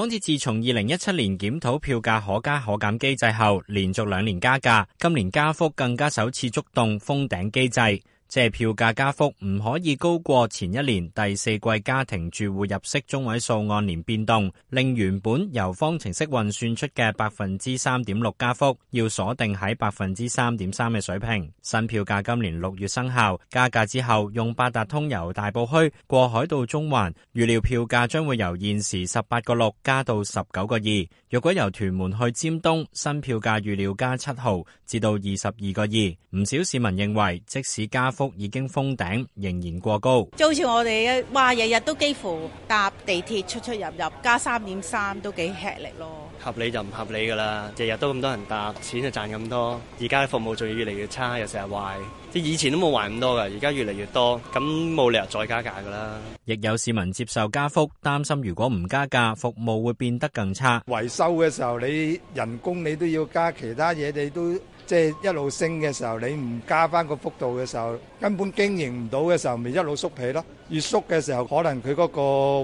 港鐵自從二零一七年檢討票價可加可減機制後，連續兩年加價，今年加幅更加首次觸動封頂機制。即係票價加幅唔可以高過前一年第四季家庭住戶入息中位數按年變動，令原本由方程式運算出嘅百分之三點六加幅要 3. 3，要鎖定喺百分之三點三嘅水平。新票價今年六月生效，加價之後，用八達通由大埔墟過海到中環，預料票價將會由現時十八個六加到十九個二。若果由屯門去尖東，新票價預料加七毫至，至到二十二個二。唔少市民認為，即使加已經封頂，仍然過高。就好似我哋一哇，日日都幾乎搭地鐵出出入入，加三點三都幾吃力咯。合理就唔合理噶啦，日日都咁多人搭，錢就賺咁多。而家嘅服務仲要越嚟越差，又成日壞，即係以前都冇壞咁多噶，而家越嚟越多，咁冇理由再加價噶啦。亦有市民接受加幅，擔心如果唔加價，服務會變得更差。維修嘅時候，你人工你都要加，其他嘢你都。即係一路升嘅時候，你唔加返個幅度嘅時候，根本經營唔到嘅時候，咪一路縮皮囉。越縮嘅時候，可能佢嗰個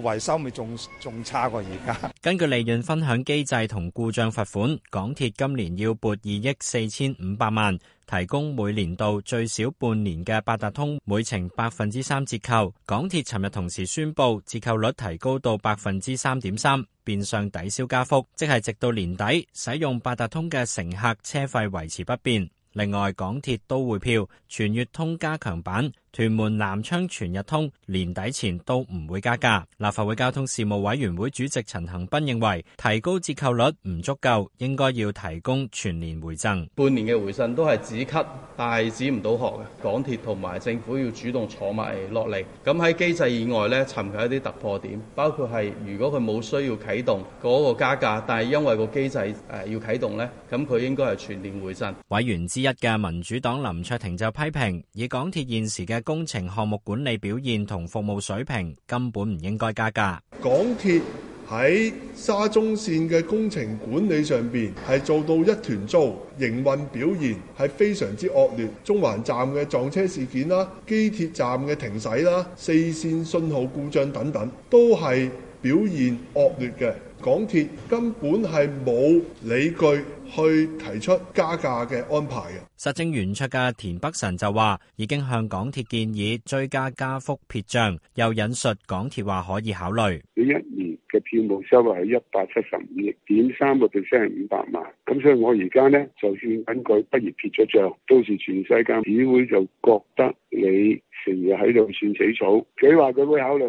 維修咪仲仲差過而家。根據利潤分享機制同故障罰款，港鐵今年要撥二億四千五百萬，提供每年度最少半年嘅八達通每程百分之三折扣。港鐵尋日同時宣布，折扣率提高到百分之三點三，變相抵消加幅，即係直到年底使用八達通嘅乘客車費維持不變。另外，港鐵都會票全月通加強版，屯門南昌全日通年底前都唔會加價。立法會交通事務委員會主席陳恒斌認為，提高折扣率唔足夠，應該要提供全年回贈。半年嘅回贈都係止咳，但係止唔到渴嘅。港鐵同埋政府要主動坐埋落嚟，咁喺機制以外呢，尋求一啲突破點，包括係如果佢冇需要啟動嗰個加價，但係因為個機制誒要啟動呢，咁佢應該係全年回贈。委員之一嘅民主黨林卓廷就批評，以港鐵現時嘅。工程項目管理表現同服務水平根本唔應該加價。港鐵喺沙中線嘅工程管理上邊係做到一團糟,營運表現係非常之惡劣。中環站嘅撞車事件啦,機鐵站嘅停駛啦,四線信號故障等等都係表現惡劣嘅。港鐵根本係冇理據去提出加價嘅安排嘅。實證研出嘅田北辰就話已經向港鐵建議追加加幅撇賬，又引述港鐵話可以考慮你一年嘅票務收入係一百七十五億點三個 percent 係五百萬，咁所以我而家咧就算根據不如撇咗賬，到時全世界議會就覺得你成日喺度算死草。佢話佢會考慮。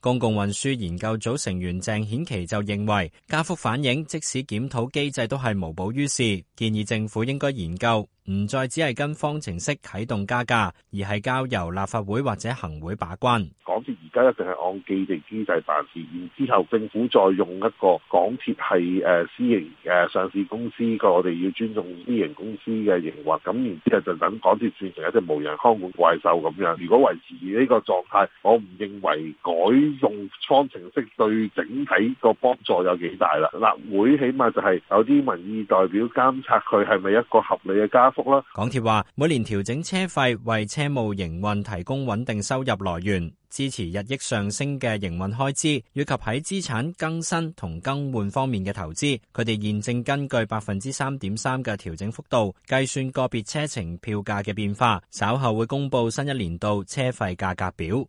公共運輸研究組成員鄭顯奇就。認為加幅反應，即使檢討機制都係無補於事，建議政府應該研究。唔再只係跟方程式啟動加價，而係交由立法會或者行會把關。港鐵而家一定係按既定機制辦事，然之後政府再用一個港鐵係誒私營嘅上市公司個，我哋要尊重私營公司嘅營運。咁然之後就等港鐵變成一隻無人看管怪獸咁樣。如果維持呢個狀態，我唔認為改用方程式對整體個幫助有幾大啦。立會起碼就係有啲民意代表監察佢係咪一個合理嘅加。港鐵話：每年調整車費，為車務營運提供穩定收入來源，支持日益上升嘅營運開支，以及喺資產更新同更換方面嘅投資。佢哋現正根據百分之三點三嘅調整幅度，計算個別車程票價嘅變化，稍後會公佈新一年度車費價格表。